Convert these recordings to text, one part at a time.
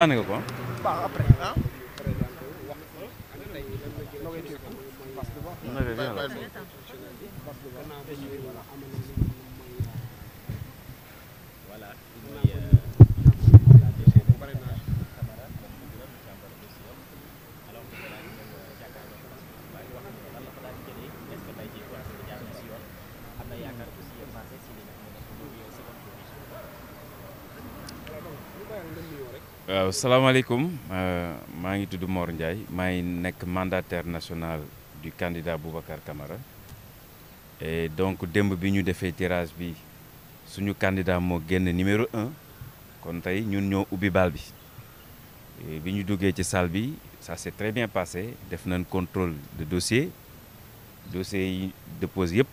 waaw après ah. voilà. waaw salaamaaleykum euh, maa ngi tudd Mor Ndiaye maa ngi nekk mandataire national du candidat Boubacar Camara et donc démb bi ñu defee tirage bi suñu candidat moo génn numéro un kon tey ñun ñoo ubbi bal bi bi ñu duggee ci salle bi ça s'est très bien passé def nañ contrôle de dossier dossier yi dépose yëpp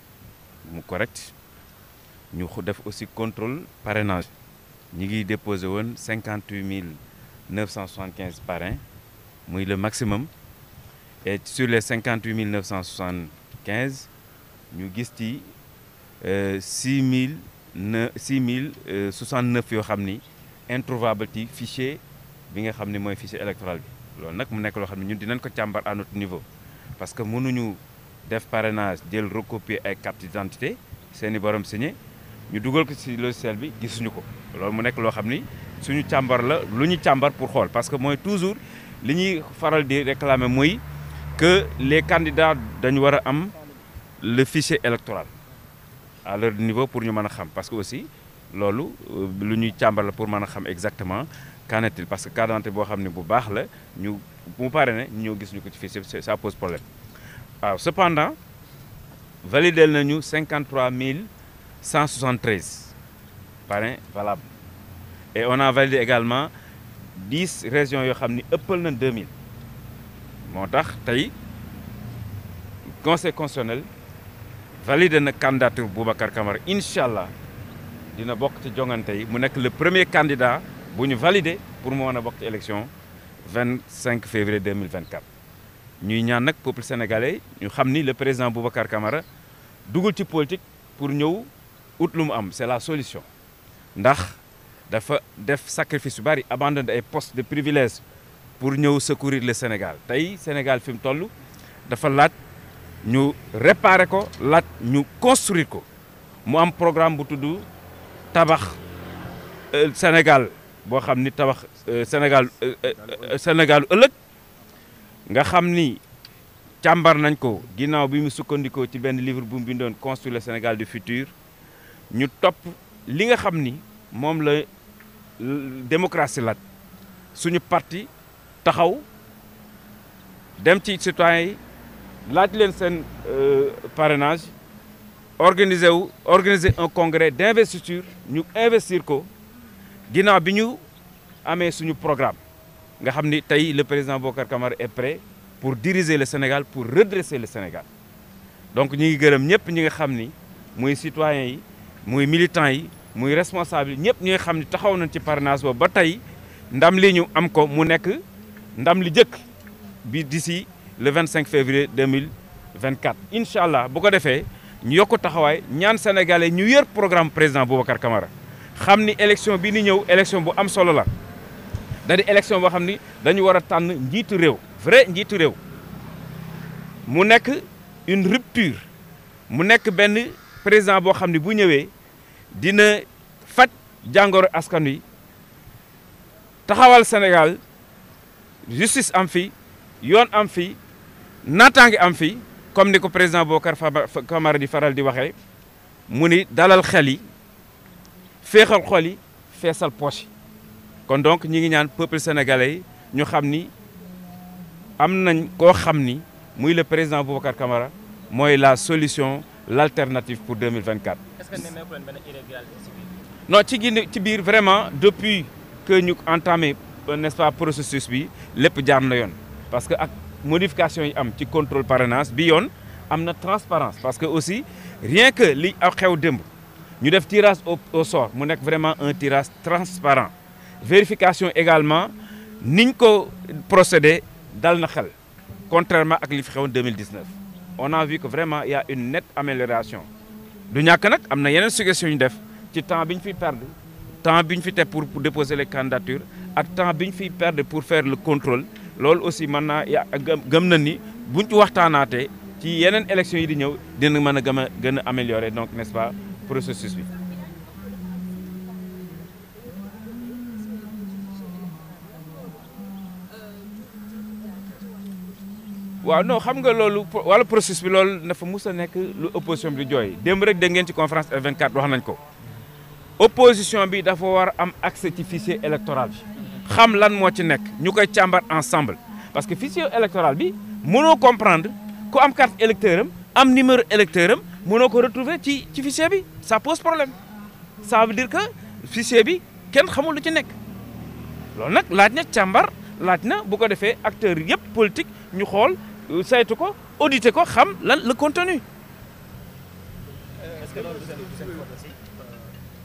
mu correct ñu def aussi contrôle parrainage ñi ngi déposé woon cinquante huit mille cent 975 parrains muy le maximum et sur les 58 quinze ñu gis ci 6 euh, mille ne 6 mille 69 euh, yoo xam ni introuvable ti fichier bi nga xam ni mooy fichier électoral bi loolu nag mu nekk loo xam ne ñun dinañ ko càmbar à notre niveau parce que mënuñu def parrainage jël recopier ay carte d'identité seen i borom signé ñu dugal ko ci logiciel bi gisuñu ko loolu mu nekk loo xam ni suñu càmbar la lu ñu càmbar pour xool parce que mooy toujours li ñuy faral di réclamer mooy que les candidats dañu war a am le fichier électoral à leur niveau pour ñu mën a xam parce que aussi loolu euh, lu ñuy càmbar la pour mën a xam exactement qu'en parce que carte d'identité boo xam ne bu baax la ñu mu pare ne ñu gis ñu ko ci fichier ça pose problème waaw cependant validé nañu 53 173 parrain valable et on a validé également dix régions yoo xam ni ëppal nañ 2000 moo tax tey conseil constitutionnel validé na candidature Boubacar Camara incha allah dina bokk ci jongante yi mu nekk le premier candidat bu ñu validé pour mu mën a bokk ci élection 25 février 2024. ñuy ñaan nag peuple sénégalais ñu xam ni le président Boubacar kamara dugul ci politique pour ñëw ut lu mu am c'est la solution ndax. dafa def sacrifice yu bari abandonné ay postes de privilège pour ñëw secourir le Sénégal tey Sénégal fi mu toll dafa laaj ñu réparé ko laaj ñu construire ko mu am programme bu tudd tabax euh, Sénégal boo xam ni tabax euh, Sénégal euh, Sénégal ëllëg nga xam ni càmbar nañ ko ginnaaw bi mu sukkandikoo ci benn livre bu mu bindoon construire le Sénégal du future ñu topp li nga xam ni moom la démocratie laaj suñu parti taxaw dem ci citoyens yi laaj leen seen euh, parrainage organiser wu organiser un congrès d' investiture ñu investir ko ginnaaw bi ñu amee suñu programme nga xam ni tey le président Bocar Camara est prêt pour diriger le Sénégal pour redresser le Sénégal donc ñu ngi gërëm ñëpp ñi nga xam ni muy citoyens yi muy militants yi muy responsable ñëpp ñooy xam ne taxaw nañ ci parrainage boobu ba tey ndam li ñu am ko mu nekk ndam li jëkk bi d'ici le 25 février 2024. incha allah bu ko defee ñu yokk taxawaay ñaan sénégalais ñu yër programme président Boubacar Camara xam ni élection bi ni ñëw élection bu am solo la da di boo xam ni dañu war a tànn njiitu réew vrai njiitu réew mu nekk une rupture mu nekk benn président boo xam ni bu ñëwee. dina faj jàngoro askan wi taxawal Sénégal justice am fi yoon am fi nataangi am fi comme ni ko président Bocar Famara di faral di waxee mu ni dalal xel yi féexal xol yi feesal poche yi kon donc ñi ngi ñaan peuple sénégalais yi ñu xam ni am nañ koo xam ni muy le président Boubacar Camara mooy la solution l'alternative pour 2024 est ci biir. ci biir vraiment depuis que ñu entamé euh, n'est-ce processus bi lépp jaar na yoon parce que ak modification yi am ci contrôle parrainage bi yoon am na transparence parce que aussi rien que li a xew démb ñu def tirage au au sort mu nekk vraiment un tirage transparent vérification également niñ ko procédé dal na xel contrairement ak li fi xewoon 2019 on a vu ko vraiment il une nette amélioration du ñàkk nag am na yeneen suggestion yu def ci temps bi ñu fiy perdre temps bi ñu fi te pour déposer les candidatures ak temps bi ñu fiy perdre pour faire le contrôle loolu aussi mën naa gëm na ni buñ ci waxtaanaate ci yeneen élections yi di ñëw dina mën a gën a gën a améliorer donc n'est-ce pas processus bi. waaw non xam nga loolu wala processus bi loolu nafa mus nekk lu opposition bi di jooy démb rek dégg ngeen ci conférence F24 wax nañ ko opposition bi dafa war am accès ci fichier électoral bi xam lan moo ci nekk ñu koy càmbar ensemble parce que fichier électoral bi mënoo comprendre ko am carte électeur am am numéro électeur am mënoo ko retrouver ci ci fichier bi ça pose problème ça veut dire que fichier bi kenn xamul lu ci nekk loolu nag laaj na càmbar laaj na bu ko defee acteurs yëpp politique ñu xool saytu ko auditer ko xam lan le contenu. est-ce que loolu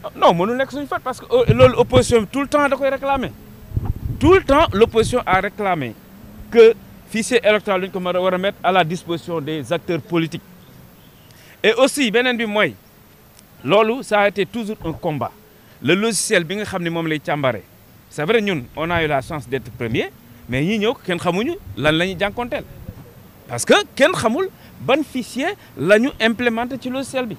ah, non mënul nekk suñu faute parce que euh, loolu opposition bi tout le temps da koy réclamer tout le temps l'opposition a réclamé que fichier électoral dañ ko mën a war a mettre à la disposition des acteurs politiques et aussi beneen bi mooy loolu ça été toujours un combat le logiciel bi nga xam ne moom lay càmbare c'est vrai ñun on a eu la chance d'être premier mais ñi ñëw kenn xamuñu lan la ñuy jànkonteel parce que kenn xamul ban fichier la ñu implémenté ci logiciel bi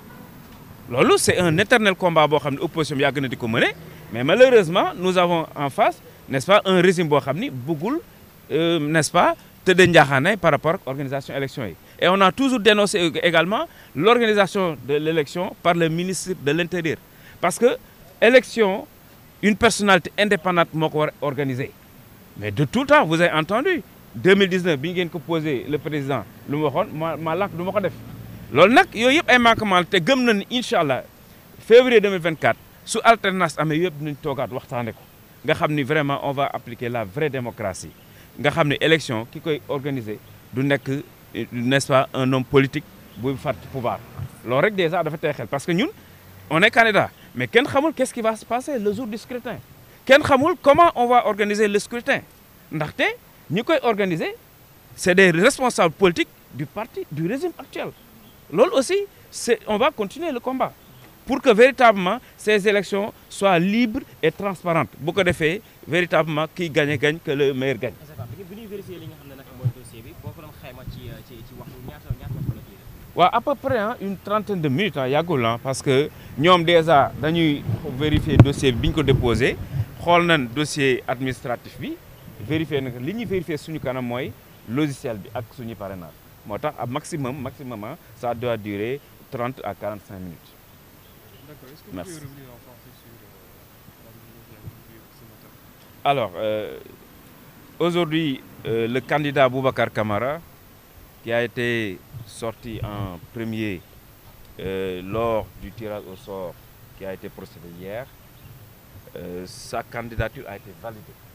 loolu c'est un éternel combat boo xam ne opposition bi yàgg na ko mëne mais malheureusement nous avons en face nest pas un régime boo xam ni bëggul euh, n'est-ce te tëddee njaaxaanay par rapport ak organisation élection yi et on a toujours dénoncé également l'organisation de l'élection par le ministre de l'Intérieur parce que élection une personalité indépendante moo ko war organiser mais de tout temps vous avez entendu 2019 bi ngeen ko posé le président lu mu waxoon ma ma lànk du ma ko def loolu nag yooyu yëpp ay manquement te gëm na ni incha allah février 2024 su alternance amee yëpp dinañ toogaat waxtaane ko nga xam ni vraiment on va appliquer la vraie démocratie nga xam ne élection ki koy organiser du nekk n'est-ce pas un homme politique buy far ci pouvoir loolu rek déjà dafa tey xel parce que ñun on est candidat mais kenn xamul qu'est-ce qui va se passer le jour du scrutin kenn xamul comment on va organiser le scrutin ndaxte ñu koy organiser c'est des responsables politiques du parti du régime actuel loolu aussi c'est on va continuer le combat pour que véritablement ces élections soient libres et transparentes bu ko defee véritablement kiy gagne gagne que le meilleur gagne. waaw à peu près ah une trentaine de minutes ah yàggul ah parce que ñoom déjà dañuy vérifier dossier bi bi ñu ko déposé xool nañ dossier administratif bi. vérifier nag li ñuy vérifier suñu kanam mooy logiciel bi ak suñu parrainage moo tax ab maximum maximum ça doit durer trente à minutes. en français sur euh, alors euh, aujourd'hui euh, le candidat Boubacar Camara qui a été sorti en premier euh, lors du tirage au sort qui a été procédé hier euh, sa candidature a été validée.